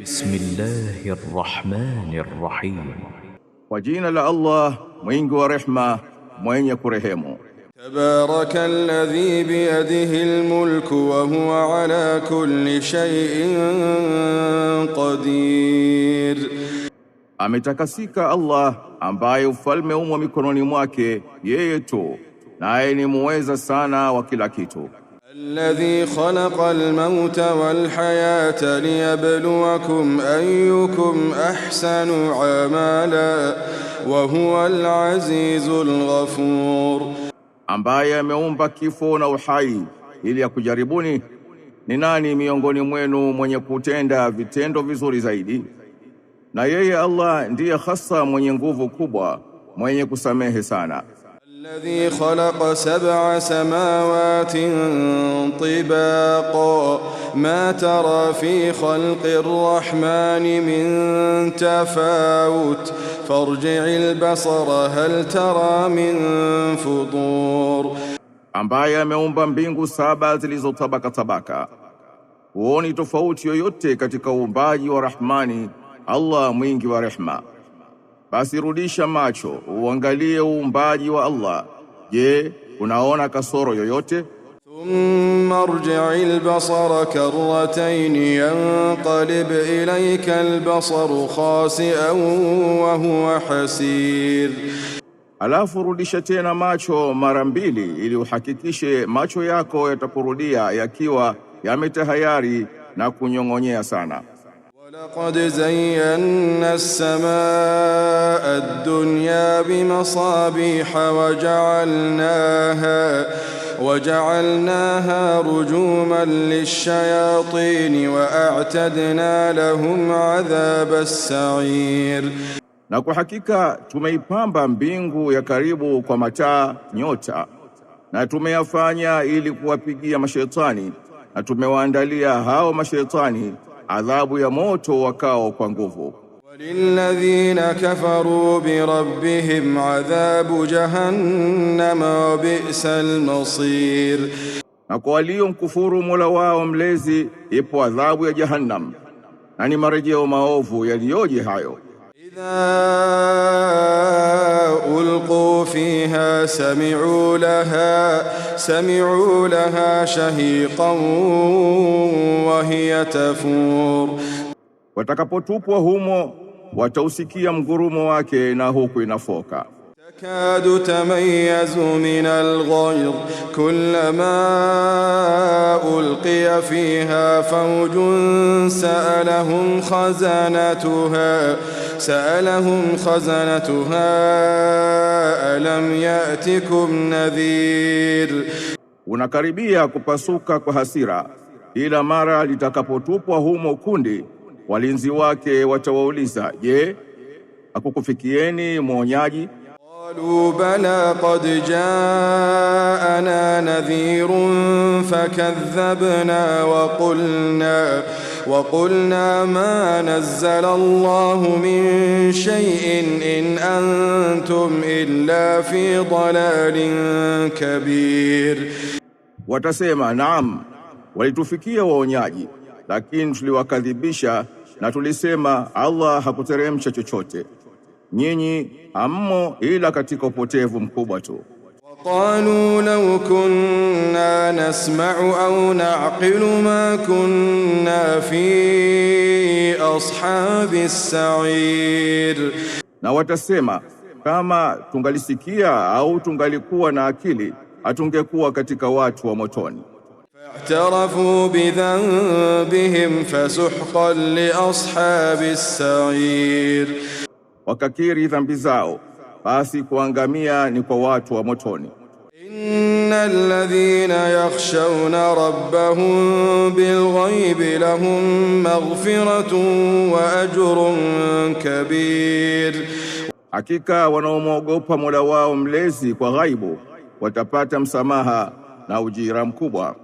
بسم الله الرحمن الرحيم وجينا لله مينغو رحمة مين يكرهيمو تبارك الذي بيده الملك وهو على كل شيء قدير أمتكسيك الله أم باي فالم أم ومكروني مواكي ييتو نعيني مويزا سانا وكلا الذي خلق الموت والحياة ليبلوكم أيكم أحسن عملا وهو العزيز الغفور ambaye ameumba kifo na uhai ili akujaribuni ni nani miongoni mwenu mwenye kutenda vitendo vizuri zaidi na yeye Allah ndiye hasa mwenye nguvu kubwa mwenye kusamehe sana الذي خلق سبع سماوات طباقا ما ترى في خلق الرحمن من تفاوت فارجع البصر هل ترى من فطور ambaye ameumba mbingu saba zilizotabaka tabaka huoni tofauti yoyote katika uumbaji wa rahmani allah mwingi wa rehma Basi rudisha macho uangalie uumbaji wa Allah. Je, unaona kasoro yoyote? Thumma arji'i al-basara karratayn yanqalib ilayka al-basaru khasi'an wa huwa hasir, alafu rudisha tena macho mara mbili ili uhakikishe macho yako yatakurudia yakiwa yametahayari na kunyong'onyea sana. لقد زينا السماء الدنيا بمصابيح وجعلناها وجعلناها رجوما للشياطين وأعتدنا لهم عذاب السعير na kwa hakika tumeipamba mbingu ya karibu kwa mataa nyota na tumeyafanya ili kuwapigia mashetani na tumewaandalia hao mashetani adhabu ya moto wakao kwa nguvu. Walilladhina kafaru bi rabbihim adhabu jahannam wa bi'sal masir, na kwa waliomkufuru Mola wao mlezi ipo adhabu ya Jahannam na ni marejeo maovu yaliyoje hayo. Idha ألقوا فيها سمعوا لها سمعوا لها شهيقا وهي تفور watakapotupwa humo watausikia mgurumo wake na huku inafoka تكاد تميز من الغيظ كلما ألقي فيها فوج سألهم خزنتها سألهم خزنتها ألم يأتكم نذير Unakaribia kupasuka kwa hasira ila mara litakapotupwa humo kundi walinzi wake watawauliza je hakukufikieni mwonyaji قالوا بلى قد جاءنا نذير فكذبنا وقلنا وقلنا ما نزل الله من شيء إن أنتم إلا في ضلال كبير watasema naam walitufikia waonyaji lakini tuliwakadhibisha na tulisema Allah hakuteremsha chochote nyinyi hammo ila katika upotevu mkubwa tu. Qalu law kunna nasma'u au na'qilu ma kunna fi ashabi sa'ir, na watasema kama tungalisikia au tungalikuwa na akili hatungekuwa katika watu wa motoni. I'tarafu bidhanbihim fasuhqan li ashabi sa'ir wakakiri dhambi zao, basi kuangamia ni kwa watu wa motoni. Innal ladhina yakhshawna rabbahum bilghaybi lahum maghfiratun wa ajrun kabir, hakika wanaomwogopa Mola wao mlezi kwa ghaibu watapata msamaha na ujira mkubwa.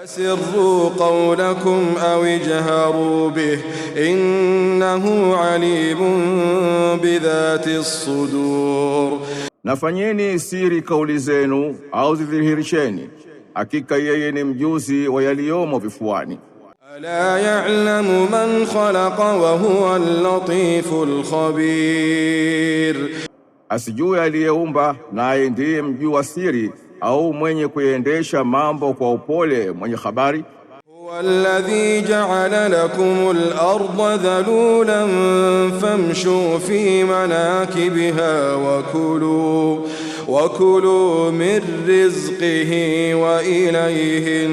وأسروا قولكم أو اجهروا به إنه عليم بذات الصدور nafanyeni siri kauli zenu au zidhihirisheni, hakika yeye ni mjuzi wa yaliyomo vifuani. Ala ya'lamu man khalaqa wa huwa al-latiful khabir, asijue aliyeumba naye ndiye mjua siri au mwenye kuendesha mambo kwa upole mwenye habari. alladhi ja'ala al-ardha dhalulan famshu fi manakibiha wa kulu wa kulu min rizqihi wa ilayhi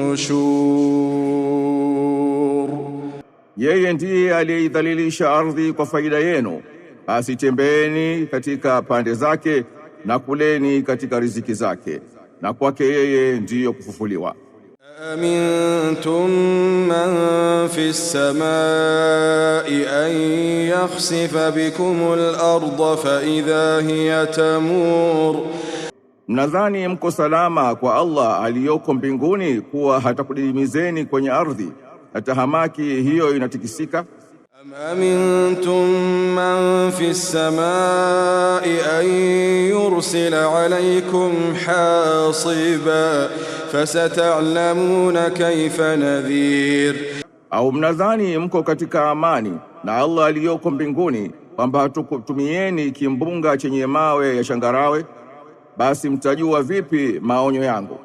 nushur, yeye ndiye aliyeidhalilisha ardhi kwa faida yenu, basi tembeeni katika pande zake na kuleni katika riziki zake na kwake yeye ndiyo kufufuliwa. Amintum man fi an yakhsifa bikum al-ardha fa idha hiya tamur, mnadhani mko salama kwa Allah aliyoko mbinguni kuwa hatakudidimizeni kwenye ardhi na tahamaki hiyo inatikisika. أم أمنتم من في السماء أن يرسل عليكم حاصبا فستعلمون كيف نذير Au mnadhani mko katika amani na Allah aliyoko mbinguni kwamba hatukutumieni kimbunga chenye mawe ya shangarawe basi mtajua vipi maonyo yangu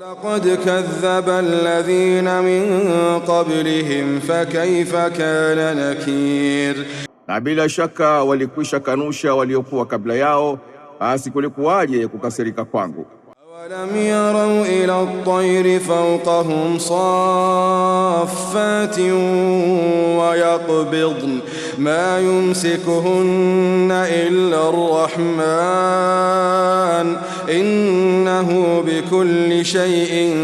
ولقد كذب الذين min qablihim fakaifa kana nakir, na bila shaka walikwisha kanusha waliokuwa kabla yao, basi kulikuwaje kukasirika kwangu. Awalam yarau ila at-tayri fawqahum sa صافات ويقبضن ما يمسكهن إلا الرحمن إنه بكل شيء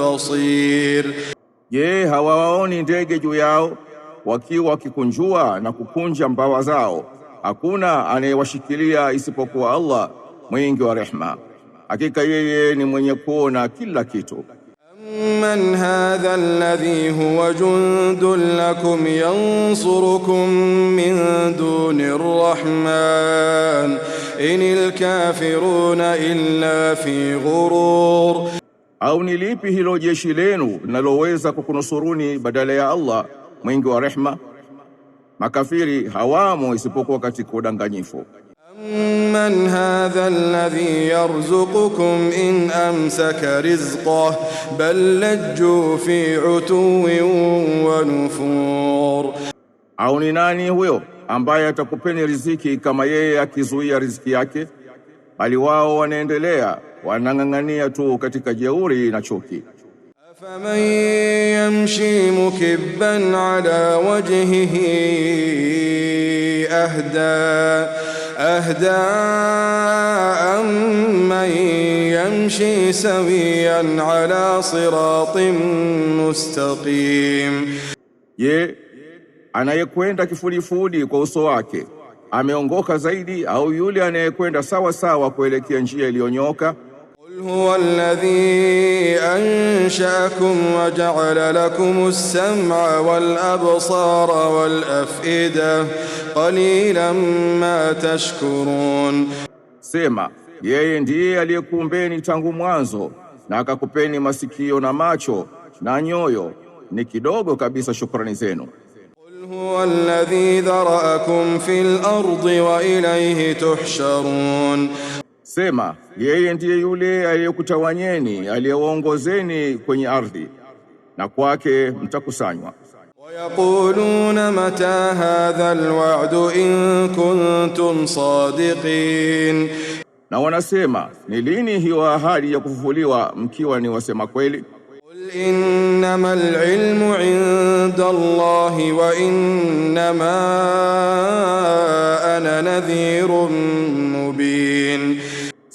بصير Je, hawaoni ndege juu yao wakiwa wakikunjua na kukunja mbawa zao? Hakuna anayewashikilia isipokuwa Allah mwingi wa rehma. Hakika yeye ni mwenye kuona kila kitu. من هذا الذي هو جند لكم ينصركم من دون الرحمن إن الكافرون إلا في غرور أو نلبي هلو جيشي لينو نلويزا كنصروني بدل يا الله من رحمة مكافيري هوامو isipokuwa katika udanganyifu من هذا الذي يرزقكم إن أمسك رزقه بل لجوا في عتو ونفور au ni nani huyo ambaye atakupeni riziki kama yeye akizuia riziki yake bali wao wanaendelea wanang'ang'ania tu katika jeuri na chuki faman yamshi mukibban ala wajhihi ahda أهدى أمن يمشي سويا على صراط mustaqim. ye anayekwenda kifulifuli kwa uso wake ameongoka zaidi au yule anayekwenda sawa sawa kuelekea njia iliyonyoka? هو الذي أنشأكم وجعل لكم السمع والأبصار والأفئدة قليلا ما تشكرون Sema, yeye ndiye aliyekuumbeni tangu mwanzo na akakupeni masikio na macho na nyoyo, ni kidogo kabisa shukrani zenu. هو الذي ذرأكم في الأرض وإليه تحشرون Sema, yeye ndiye yule aliyekutawanyeni aliyewaongozeni kwenye ardhi na kwake mtakusanywa. Wayaquluna mata hadha alwa'du in kuntum sadiqin, na wanasema ni lini hiyo ahadi ya kufufuliwa mkiwa ni wasema kweli. Qul innama alilmu inda Allahi wa innama ana nadhirun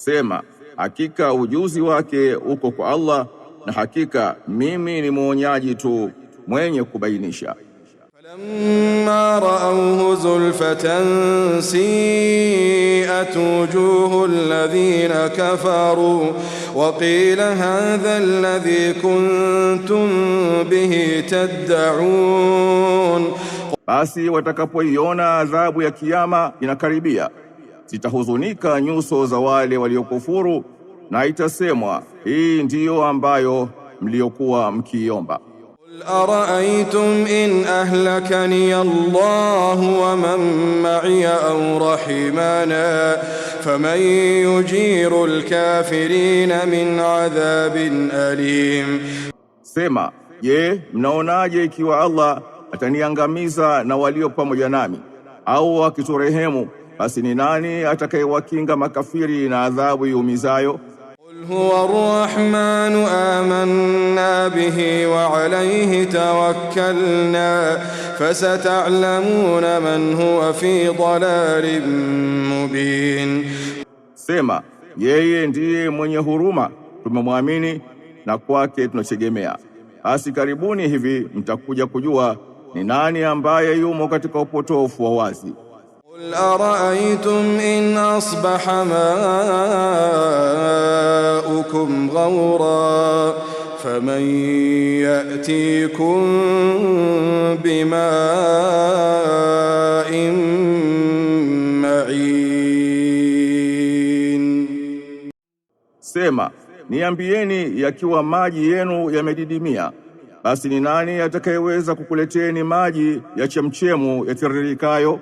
Sema, hakika ujuzi wake uko kwa Allah na hakika mimi ni mwonyaji tu mwenye kubainisha. falamma raawhu zulfatan siat wujuhu alladhina kafaru wa qila hadha alladhi kuntum bihi tad'un, basi watakapoiona adhabu ya kiyama inakaribia zitahuzunika nyuso za wale waliokufuru, na itasemwa hii ndiyo ambayo mliokuwa mkiiomba. Ara'aytum in ahlakani Allah wa man ma'iya aw rahimana faman yujiru al min adhabin alim, sema je, mnaonaje ikiwa Allah ataniangamiza na walio pamoja nami au akiturehemu basi ni nani atakayewakinga makafiri na adhabu iumizayo? Qul huwa rahmanu amanna bihi wa alayhi tawakkalna fasata'lamuna man huwa fi dalalin mubin, sema yeye ndiye mwenye huruma, tumemwamini na kwake tunategemea, basi karibuni hivi mtakuja kujua ni nani ambaye yumo katika upotofu wa wazi. قل أرأيتم إن أصبح ماؤكم غورا فمن يأتيكم بماء معين Sema, niambieni yakiwa maji yenu yamedidimia, basi ni nani atakayeweza kukuleteni maji ya chemchemu yatiririkayo